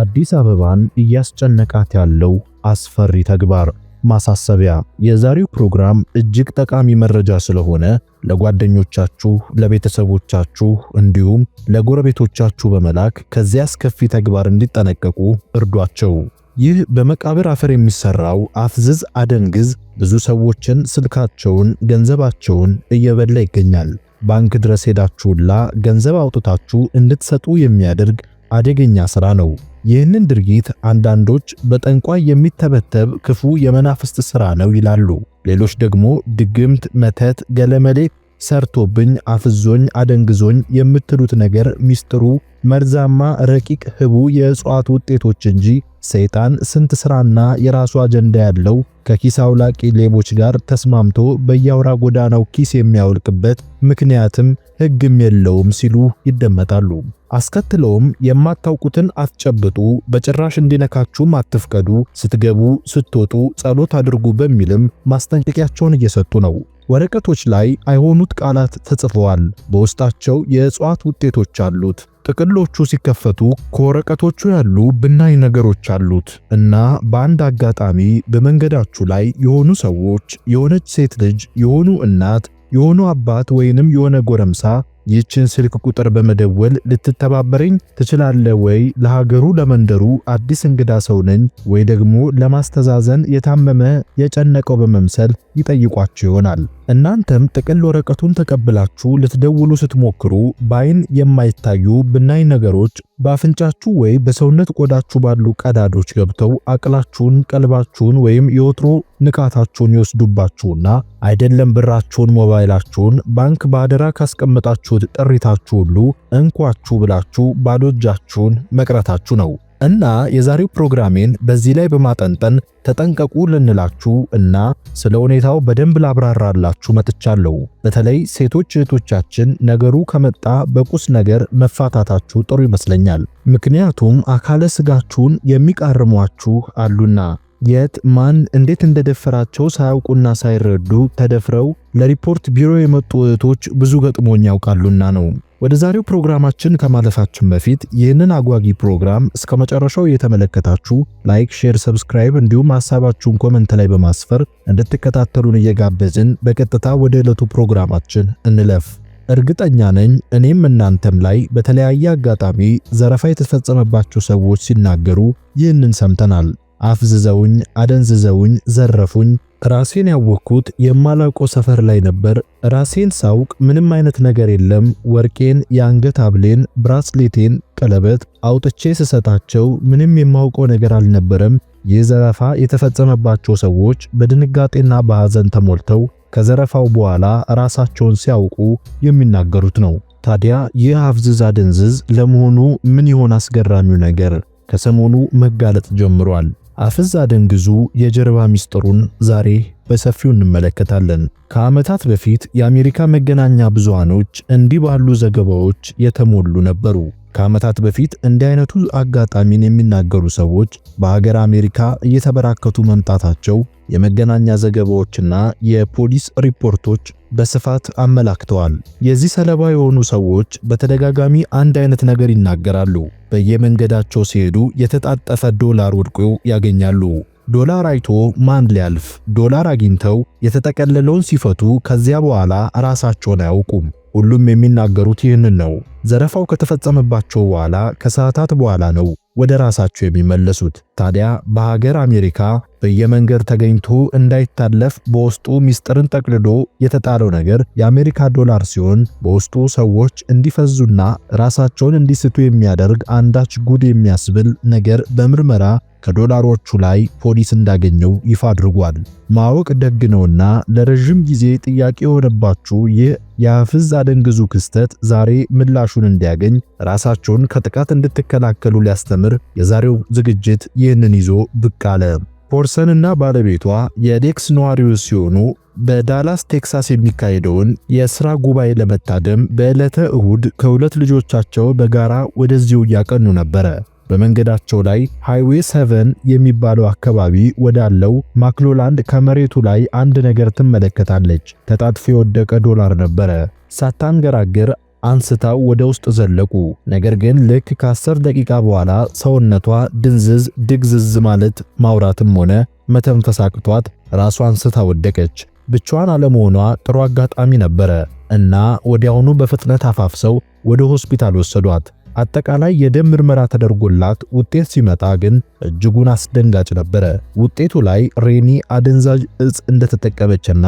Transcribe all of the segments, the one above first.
አዲስ አበባን እያስጨነቃት ያለው አስፈሪ ተግባር። ማሳሰቢያ፣ የዛሬው ፕሮግራም እጅግ ጠቃሚ መረጃ ስለሆነ ለጓደኞቻችሁ፣ ለቤተሰቦቻችሁ እንዲሁም ለጎረቤቶቻችሁ በመላክ ከዚያ አስከፊ ተግባር እንዲጠነቀቁ እርዷቸው። ይህ በመቃብር አፈር የሚሰራው አፍዝዝ አደንግዝ ብዙ ሰዎችን ስልካቸውን፣ ገንዘባቸውን እየበላ ይገኛል። ባንክ ድረስ ሄዳችሁላ ገንዘብ አውጥታችሁ እንድትሰጡ የሚያደርግ አደገኛ ሥራ ነው። ይህንን ድርጊት አንዳንዶች በጠንቋይ የሚተበተብ ክፉ የመናፍስት ሥራ ነው ይላሉ። ሌሎች ደግሞ ድግምት፣ መተት፣ ገለመሌ ሰርቶብኝ፣ አፍዞኝ፣ አደንግዞኝ የምትሉት ነገር ሚስጥሩ መርዛማ ረቂቅ ህቡ የእጽዋት ውጤቶች እንጂ ሰይጣን ስንት ስራና የራሱ አጀንዳ ያለው ከኪስ አውላቂ ሌቦች ጋር ተስማምቶ በየአውራ ጎዳናው ኪስ የሚያወልቅበት ምክንያትም ህግም የለውም ሲሉ ይደመጣሉ። አስከትለውም የማታውቁትን አትጨብጡ፣ በጭራሽ እንዲነካችሁም አትፍቀዱ፣ ስትገቡ ስትወጡ ጸሎት አድርጉ በሚልም ማስጠንቀቂያቸውን እየሰጡ ነው። ወረቀቶች ላይ አይሆኑት ቃላት ተጽፈዋል። በውስጣቸው የእጽዋት ውጤቶች አሉት። ጥቅሎቹ ሲከፈቱ ከወረቀቶቹ ያሉ ብናኝ ነገሮች አሉት እና በአንድ አጋጣሚ በመንገዳችሁ ላይ የሆኑ ሰዎች፣ የሆነች ሴት ልጅ፣ የሆኑ እናት፣ የሆኑ አባት ወይንም የሆነ ጎረምሳ ይህችን ስልክ ቁጥር በመደወል ልትተባበረኝ ትችላለ ወይ? ለሀገሩ ለመንደሩ አዲስ እንግዳ ሰው ነኝ ወይ ደግሞ ለማስተዛዘን የታመመ የጨነቀው በመምሰል ይጠይቋችሁ ይሆናል። እናንተም ጥቅል ወረቀቱን ተቀብላችሁ ልትደውሉ ስትሞክሩ በአይን የማይታዩ ብናኝ ነገሮች በአፍንጫችሁ ወይ በሰውነት ቆዳችሁ ባሉ ቀዳዶች ገብተው አቅላችሁን፣ ቀልባችሁን ወይም የወትሮ ንቃታችሁን ይወስዱባችሁና አይደለም ብራችሁን፣ ሞባይላችሁን፣ ባንክ በአደራ ካስቀመጣችሁት ጥሪታችሁ ሁሉ እንኳችሁ ብላችሁ ባዶ እጃችሁን መቅረታችሁ ነው። እና የዛሬው ፕሮግራሜን በዚህ ላይ በማጠንጠን ተጠንቀቁ ልንላችሁ እና ስለ ሁኔታው በደንብ ላብራራላችሁ መጥቻለሁ። በተለይ ሴቶች እህቶቻችን ነገሩ ከመጣ በቁስ ነገር መፋታታችሁ ጥሩ ይመስለኛል። ምክንያቱም አካለ ስጋችሁን የሚቃርሟችሁ አሉና የት ማን እንዴት እንደደፈራቸው ሳያውቁና ሳይረዱ ተደፍረው ለሪፖርት ቢሮ የመጡ እህቶች ብዙ ገጥሞኝ ያውቃሉና ነው። ወደ ዛሬው ፕሮግራማችን ከማለፋችን በፊት ይህንን አጓጊ ፕሮግራም እስከ መጨረሻው እየተመለከታችሁ ላይክ፣ ሼር፣ ሰብስክራይብ እንዲሁም ሀሳባችሁን ኮመንት ላይ በማስፈር እንድትከታተሉን እየጋበዝን በቀጥታ ወደ ዕለቱ ፕሮግራማችን እንለፍ። እርግጠኛ ነኝ እኔም እናንተም ላይ በተለያየ አጋጣሚ ዘረፋ የተፈጸመባቸው ሰዎች ሲናገሩ ይህንን ሰምተናል። አፍዝዘውኝ፣ አደንዝዘውኝ፣ ዘረፉኝ ራሴን ያወቅኩት የማላውቀው ሰፈር ላይ ነበር። ራሴን ሳውቅ ምንም አይነት ነገር የለም። ወርቄን፣ የአንገት ሐብሌን፣ ብራስሌቴን፣ ቀለበት አውጥቼ ስሰጣቸው ምንም የማውቀው ነገር አልነበረም። ይህ ዘረፋ የተፈጸመባቸው ሰዎች በድንጋጤና በሐዘን ተሞልተው ከዘረፋው በኋላ ራሳቸውን ሲያውቁ የሚናገሩት ነው። ታዲያ ይህ አፍዝዝ አደንዝዝ ለመሆኑ ምን ይሆን አስገራሚው ነገር? ከሰሞኑ መጋለጥ ጀምሯል። አፍዝ አደንግዙ የጀርባ ሚስጥሩን ዛሬ በሰፊው እንመለከታለን። ከዓመታት በፊት የአሜሪካ መገናኛ ብዙሃኖች እንዲህ ባሉ ዘገባዎች የተሞሉ ነበሩ። ከዓመታት በፊት እንዲህ አይነቱ አጋጣሚን የሚናገሩ ሰዎች በሀገር አሜሪካ እየተበራከቱ መምጣታቸው የመገናኛ ዘገባዎችና የፖሊስ ሪፖርቶች በስፋት አመላክተዋል። የዚህ ሰለባ የሆኑ ሰዎች በተደጋጋሚ አንድ አይነት ነገር ይናገራሉ። በየመንገዳቸው ሲሄዱ የተጣጠፈ ዶላር ወድቆ ያገኛሉ። ዶላር አይቶ ማን ሊያልፍ? ዶላር አግኝተው የተጠቀለለውን ሲፈቱ ከዚያ በኋላ ራሳቸውን አያውቁም። ሁሉም የሚናገሩት ይህንን ነው። ዘረፋው ከተፈጸመባቸው በኋላ ከሰዓታት በኋላ ነው ወደ ራሳቸው የሚመለሱት። ታዲያ በሀገር አሜሪካ በየመንገድ ተገኝቶ እንዳይታለፍ በውስጡ ሚስጥርን ጠቅልሎ የተጣለው ነገር የአሜሪካ ዶላር ሲሆን በውስጡ ሰዎች እንዲፈዙና ራሳቸውን እንዲስቱ የሚያደርግ አንዳች ጉድ የሚያስብል ነገር በምርመራ ከዶላሮቹ ላይ ፖሊስ እንዳገኘው ይፋ አድርጓል። ማወቅ ደግ ነውና ለረዥም ጊዜ ጥያቄ የሆነባችሁ ይህ የአፍዝ አደንግዙ ክስተት ዛሬ ምላሹን እንዲያገኝ ራሳቸውን ከጥቃት እንድትከላከሉ ሊያስተምር የዛሬው ዝግጅት ይህንን ይዞ ብቅ አለ። ፖርሰንና ባለቤቷ የዴክስ ነዋሪዎች ሲሆኑ በዳላስ ቴክሳስ የሚካሄደውን የሥራ ጉባኤ ለመታደም በዕለተ እሁድ ከሁለት ልጆቻቸው በጋራ ወደዚሁ እያቀኑ ነበረ። በመንገዳቸው ላይ ሃይዌይ ሰቨን የሚባለው አካባቢ ወዳለው ማክሎላንድ ከመሬቱ ላይ አንድ ነገር ትመለከታለች። ተጣጥፎ የወደቀ ዶላር ነበረ። ሳታንገራግር አንስተው ወደ ውስጥ ዘለቁ። ነገር ግን ልክ ከአስር ደቂቃ በኋላ ሰውነቷ ድንዝዝ ድግዝዝ ማለት ማውራትም ሆነ መተንፈስ አቅቷት ራሷ አንስታ ወደቀች። ብቻዋን አለመሆኗ ጥሩ አጋጣሚ ነበረ እና ወዲያውኑ በፍጥነት አፋፍሰው ወደ ሆስፒታል ወሰዷት። አጠቃላይ የደም ምርመራ ተደርጎላት ውጤት ሲመጣ ግን እጅጉን አስደንጋጭ ነበረ። ውጤቱ ላይ ሬኒ አደንዛዥ እጽ እንደተጠቀመችና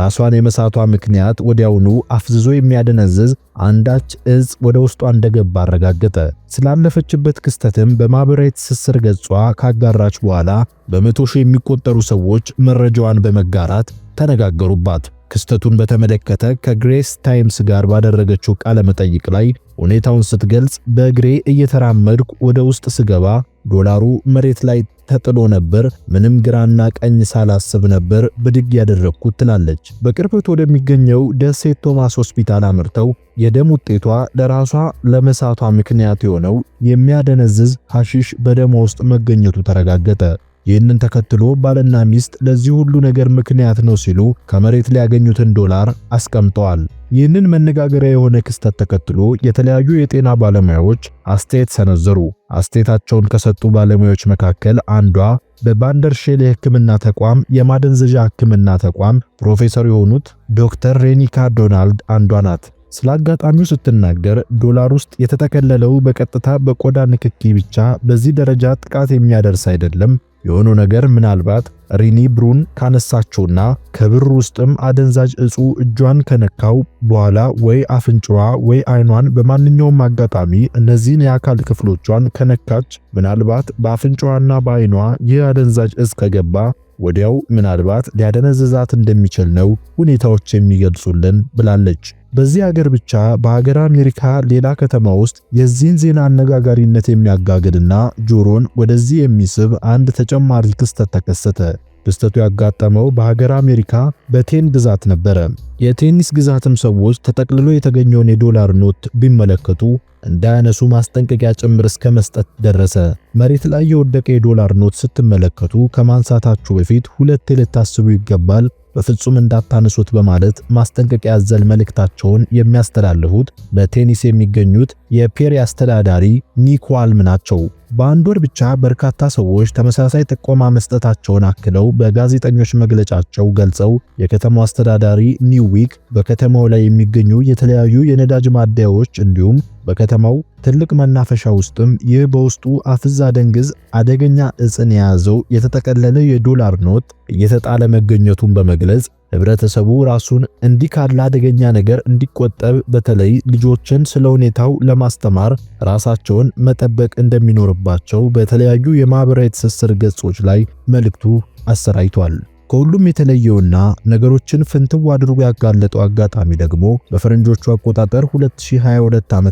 ራሷን የመሳቷ ምክንያት ወዲያውኑ አፍዝዞ የሚያደነዝዝ አንዳች እጽ ወደ ውስጧ እንደገባ አረጋገጠ። ስላለፈችበት ክስተትም በማኅበራዊ ትስስር ገጿ ካጋራች በኋላ በመቶ ሺህ የሚቆጠሩ ሰዎች መረጃዋን በመጋራት ተነጋገሩባት። ክስተቱን በተመለከተ ከግሬስ ታይምስ ጋር ባደረገችው ቃለ መጠይቅ ላይ ሁኔታውን ስትገልጽ በእግሬ እየተራመድኩ ወደ ውስጥ ስገባ ዶላሩ መሬት ላይ ተጥሎ ነበር። ምንም ግራና ቀኝ ሳላስብ ነበር ብድግ ያደረግኩት ትላለች። በቅርበት ወደሚገኘው ደሴት ቶማስ ሆስፒታል አምርተው የደም ውጤቷ ለራሷ ለመሳቷ ምክንያት የሆነው የሚያደነዝዝ ሐሺሽ በደሟ ውስጥ መገኘቱ ተረጋገጠ። ይህንን ተከትሎ ባልና ሚስት ለዚህ ሁሉ ነገር ምክንያት ነው ሲሉ ከመሬት ላይ ያገኙትን ዶላር አስቀምጠዋል። ይህንን መነጋገሪያ የሆነ ክስተት ተከትሎ የተለያዩ የጤና ባለሙያዎች አስተያየት ሰነዘሩ። አስተያየታቸውን ከሰጡ ባለሙያዎች መካከል አንዷ በባንደርሼል የሕክምና ተቋም የማደንዘዣ ሕክምና ተቋም ፕሮፌሰር የሆኑት ዶክተር ሬኒካ ዶናልድ አንዷ ናት። ስለ አጋጣሚው ስትናገር ዶላር ውስጥ የተጠቀለለው በቀጥታ በቆዳ ንክኪ ብቻ በዚህ ደረጃ ጥቃት የሚያደርስ አይደለም የሆኑ ነገር ምናልባት ሪኒ ብሩን ካነሳችውና ከብር ውስጥም አደንዛዥ እጹ እጇን ከነካው በኋላ ወይ አፍንጫዋ ወይ አይኗን በማንኛውም አጋጣሚ እነዚህን የአካል ክፍሎቿን ከነካች ምናልባት በአፍንጫዋና በአይኗ ይህ አደንዛዥ እጽ ከገባ ወዲያው ምናልባት ሊያደነዝዛት እንደሚችል ነው ሁኔታዎች የሚገልጹልን ብላለች። በዚህ ሀገር ብቻ በሀገር አሜሪካ ሌላ ከተማ ውስጥ የዚህን ዜና አነጋጋሪነት የሚያጋግድና ጆሮን ወደዚህ የሚስብ አንድ ተጨማሪ ክስተት ተከሰተ። ክስተቱ ያጋጠመው በሀገር አሜሪካ በቴን ግዛት ነበረ። የቴኒስ ግዛትም ሰዎች ተጠቅልሎ የተገኘውን የዶላር ኖት ቢመለከቱ እንዳያነሱ ማስጠንቀቂያ ጭምር እስከ መስጠት ደረሰ። መሬት ላይ የወደቀ የዶላር ኖት ስትመለከቱ ከማንሳታችሁ በፊት ሁለቴ ልታስቡ ይገባል። በፍጹም እንዳታነሱት በማለት ማስጠንቀቂያ ያዘል መልእክታቸውን የሚያስተላልፉት በቴኒስ የሚገኙት የፔሪ አስተዳዳሪ ኒክ ዋልም ናቸው። በአንድ ወር ብቻ በርካታ ሰዎች ተመሳሳይ ጥቆማ መስጠታቸውን አክለው በጋዜጠኞች መግለጫቸው ገልጸው የከተማው አስተዳዳሪ ኒውዊክ በከተማው ላይ የሚገኙ የተለያዩ የነዳጅ ማደያዎች እንዲሁም በከተማው ትልቅ መናፈሻ ውስጥም ይህ በውስጡ አፍዛ ደንግዝ አደገኛ እጽን የያዘው የተጠቀለለ የዶላር ኖት እየተጣለ መገኘቱን በመግለጽ ህብረተሰቡ ራሱን እንዲህ ካለ አደገኛ ነገር እንዲቆጠብ በተለይ ልጆችን ስለ ሁኔታው ለማስተማር ራሳቸውን መጠበቅ እንደሚኖርባቸው በተለያዩ የማህበራዊ ትስስር ገጾች ላይ መልእክቱ አሰራይቷል። ከሁሉም የተለየውና ነገሮችን ፍንትው አድርጎ ያጋለጠው አጋጣሚ ደግሞ በፈረንጆቹ አቆጣጠር 2022 ዓ.ም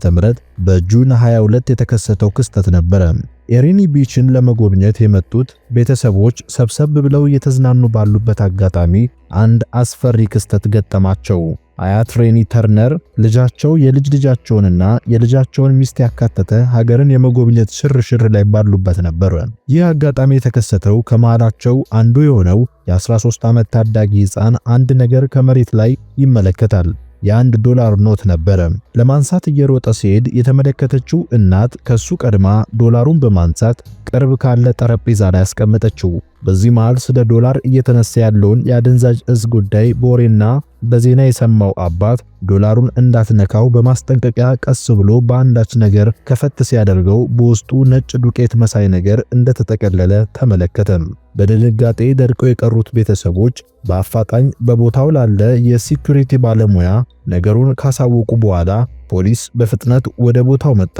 በጁን 22 የተከሰተው ክስተት ነበረ። ኤሪኒ ቢችን ለመጎብኘት የመጡት ቤተሰቦች ሰብሰብ ብለው እየተዝናኑ ባሉበት አጋጣሚ አንድ አስፈሪ ክስተት ገጠማቸው። አያት ሬኒ ተርነር ልጃቸው የልጅ ልጃቸውንና የልጃቸውን ሚስት ያካተተ ሀገርን የመጎብኘት ሽርሽር ላይ ባሉበት ነበር። ይህ አጋጣሚ የተከሰተው ከመሃላቸው አንዱ የሆነው የ13 ዓመት ታዳጊ ሕፃን አንድ ነገር ከመሬት ላይ ይመለከታል። የአንድ ዶላር ኖት ነበረ። ለማንሳት እየሮጠ ሲሄድ የተመለከተችው እናት ከሱ ቀድማ ዶላሩን በማንሳት ቅርብ ካለ ጠረጴዛ ላይ አስቀምጠችው። በዚህ መሃል ስለ ዶላር እየተነሳ ያለውን የአደንዛዥ እጽ ጉዳይ በወሬና በዜና የሰማው አባት ዶላሩን እንዳትነካው በማስጠንቀቂያ ቀስ ብሎ በአንዳች ነገር ከፈት ሲያደርገው በውስጡ ነጭ ዱቄት መሳይ ነገር እንደተጠቀለለ ተመለከተም። በድንጋጤ ደርቀው የቀሩት ቤተሰቦች በአፋጣኝ በቦታው ላለ የሲኩሪቲ ባለሙያ ነገሩን ካሳወቁ በኋላ ፖሊስ በፍጥነት ወደ ቦታው መጣ።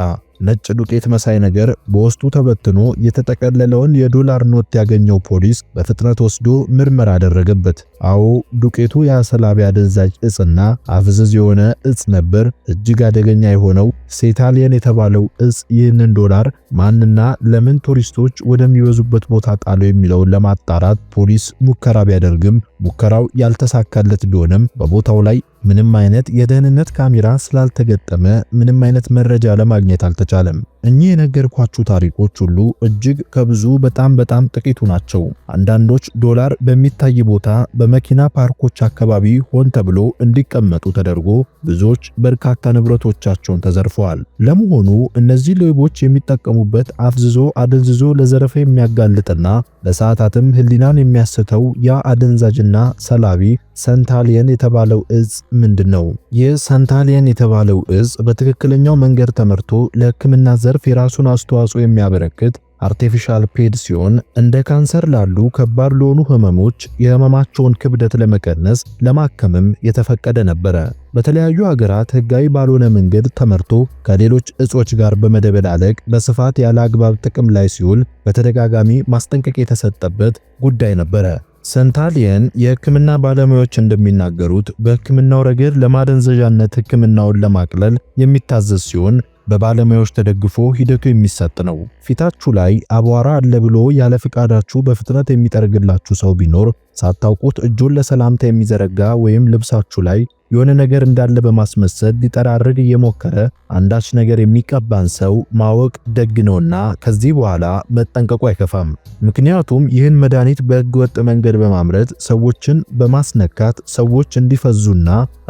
ነጭ ዱቄት መሳይ ነገር በውስጡ ተበትኖ የተጠቀለለውን የዶላር ኖት ያገኘው ፖሊስ በፍጥነት ወስዶ ምርመራ አደረገበት። አዎ ዱቄቱ የአሰላቢ አደንዛዥ እጽና አፍዝዝ የሆነ እጽ ነበር። እጅግ አደገኛ የሆነው ሴታሊየን የተባለው እጽ ይህንን ዶላር ማንና ለምን ቱሪስቶች ወደሚበዙበት ቦታ ጣለው የሚለውን ለማጣራት ፖሊስ ሙከራ ቢያደርግም ሙከራው ያልተሳካለት ቢሆንም በቦታው ላይ ምንም አይነት የደህንነት ካሜራ ስላልተገጠመ ምንም አይነት መረጃ ለማግኘት አልተቻለም። እኚህ የነገርኳችሁ ታሪኮች ሁሉ እጅግ ከብዙ በጣም በጣም ጥቂቱ ናቸው። አንዳንዶች ዶላር በሚታይ ቦታ በመኪና ፓርኮች አካባቢ ሆን ተብሎ እንዲቀመጡ ተደርጎ ብዙዎች በርካታ ንብረቶቻቸውን ተዘርፈዋል። ለመሆኑ እነዚህ ሌቦች የሚጠቀሙበት አፍዝዞ አደንዝዞ ለዘረፋ የሚያጋልጥና ለሰዓታትም ሕሊናን የሚያስተው ያ አደንዛዥና ሰላቢ ሰንታሊየን የተባለው እጽ ምንድን ነው? ይህ ሰንታሊየን የተባለው እጽ በትክክለኛው መንገድ ተመርቶ ለሕክምና ዘርፍ የራሱን አስተዋጽኦ የሚያበረክት አርቴፊሻል ፔድ ሲሆን እንደ ካንሰር ላሉ ከባድ ለሆኑ ህመሞች የህመማቸውን ክብደት ለመቀነስ ለማከምም የተፈቀደ ነበረ። በተለያዩ ሀገራት ህጋዊ ባልሆነ መንገድ ተመርቶ ከሌሎች እጾች ጋር በመደበላለቅ በስፋት ያለ አግባብ ጥቅም ላይ ሲውል በተደጋጋሚ ማስጠንቀቂያ የተሰጠበት ጉዳይ ነበረ። ሰንታሊየን የህክምና ባለሙያዎች እንደሚናገሩት በህክምናው ረገድ ለማደንዘዣነት ህክምናውን ለማቅለል የሚታዘዝ ሲሆን በባለሙያዎች ተደግፎ ሂደቱ የሚሰጥ ነው። ፊታችሁ ላይ አቧራ አለ ብሎ ያለ ፍቃዳችሁ በፍጥነት የሚጠርግላችሁ ሰው ቢኖር ሳታውቁት እጁን ለሰላምታ የሚዘረጋ ወይም ልብሳችሁ ላይ የሆነ ነገር እንዳለ በማስመሰል ሊጠራርግ እየሞከረ አንዳች ነገር የሚቀባን ሰው ማወቅ ደግ ነውና ከዚህ በኋላ መጠንቀቁ አይከፋም። ምክንያቱም ይህን መድኃኒት በህገወጥ ወጥ መንገድ በማምረት ሰዎችን በማስነካት ሰዎች እንዲፈዙና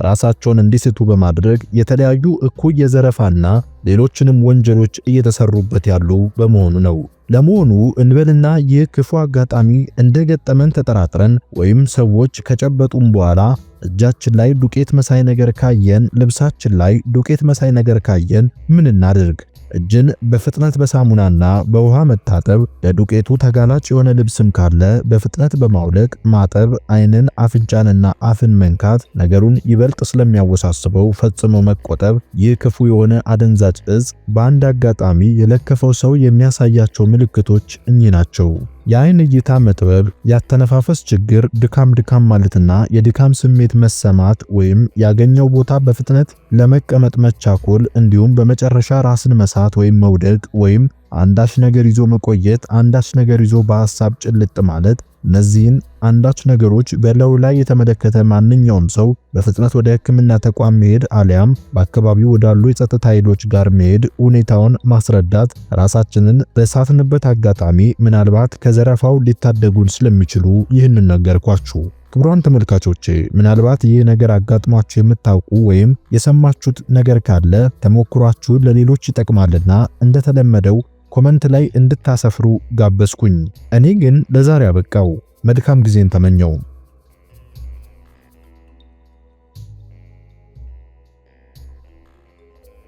ራሳቸውን እንዲስቱ በማድረግ የተለያዩ እኩይ የዘረፋና ሌሎችንም ወንጀሎች እየተሰሩበት ያሉ በመሆኑ ነው። ለመሆኑ እንበልና ይህ ክፉ አጋጣሚ እንደገጠመን ተጠራጥረን ወይም ሰዎች ከጨበጡም በኋላ እጃችን ላይ ዱቄት መሳይ ነገር ካየን፣ ልብሳችን ላይ ዱቄት መሳይ ነገር ካየን ምን እናድርግ? እጅን በፍጥነት በሳሙናና በውሃ መታጠብ፣ ለዱቄቱ ተጋላጭ የሆነ ልብስም ካለ በፍጥነት በማውለቅ ማጠብ፣ አይንን አፍንጫንና አፍን መንካት ነገሩን ይበልጥ ስለሚያወሳስበው ፈጽሞ መቆጠብ። ይህ ክፉ የሆነ አደንዛጭ እጽ በአንድ አጋጣሚ የለከፈው ሰው የሚያሳያቸው ምልክቶች እኚህ ናቸው። የአይን እይታ መጥበብ፣ ያተነፋፈስ ችግር፣ ድካም ድካም ማለትና የድካም ስሜት መሰማት ወይም ያገኘው ቦታ በፍጥነት ለመቀመጥ መቻኮል እንዲሁም በመጨረሻ ራስን መሳት ወይም መውደቅ ወይም አንዳች ነገር ይዞ መቆየት፣ አንዳች ነገር ይዞ በሐሳብ ጭልጥ ማለት እነዚህን አንዳች ነገሮች በለው ላይ የተመለከተ ማንኛውም ሰው በፍጥነት ወደ ሕክምና ተቋም መሄድ አሊያም በአካባቢው ወዳሉ የጸጥታ ኃይሎች ጋር መሄድ፣ ሁኔታውን ማስረዳት፣ ራሳችንን በሳትንበት አጋጣሚ ምናልባት ከዘረፋው ሊታደጉን ስለሚችሉ ይህንን ነገርኳችሁ። ክቡራን ተመልካቾቼ ምናልባት ይህ ነገር አጋጥሟችሁ የምታውቁ ወይም የሰማችሁት ነገር ካለ ተሞክሯችሁ ለሌሎች ይጠቅማልና እንደተለመደው ኮመንት ላይ እንድታሰፍሩ ጋበዝኩኝ። እኔ ግን ለዛሬ አበቃው። መልካም ጊዜን ተመኘውም።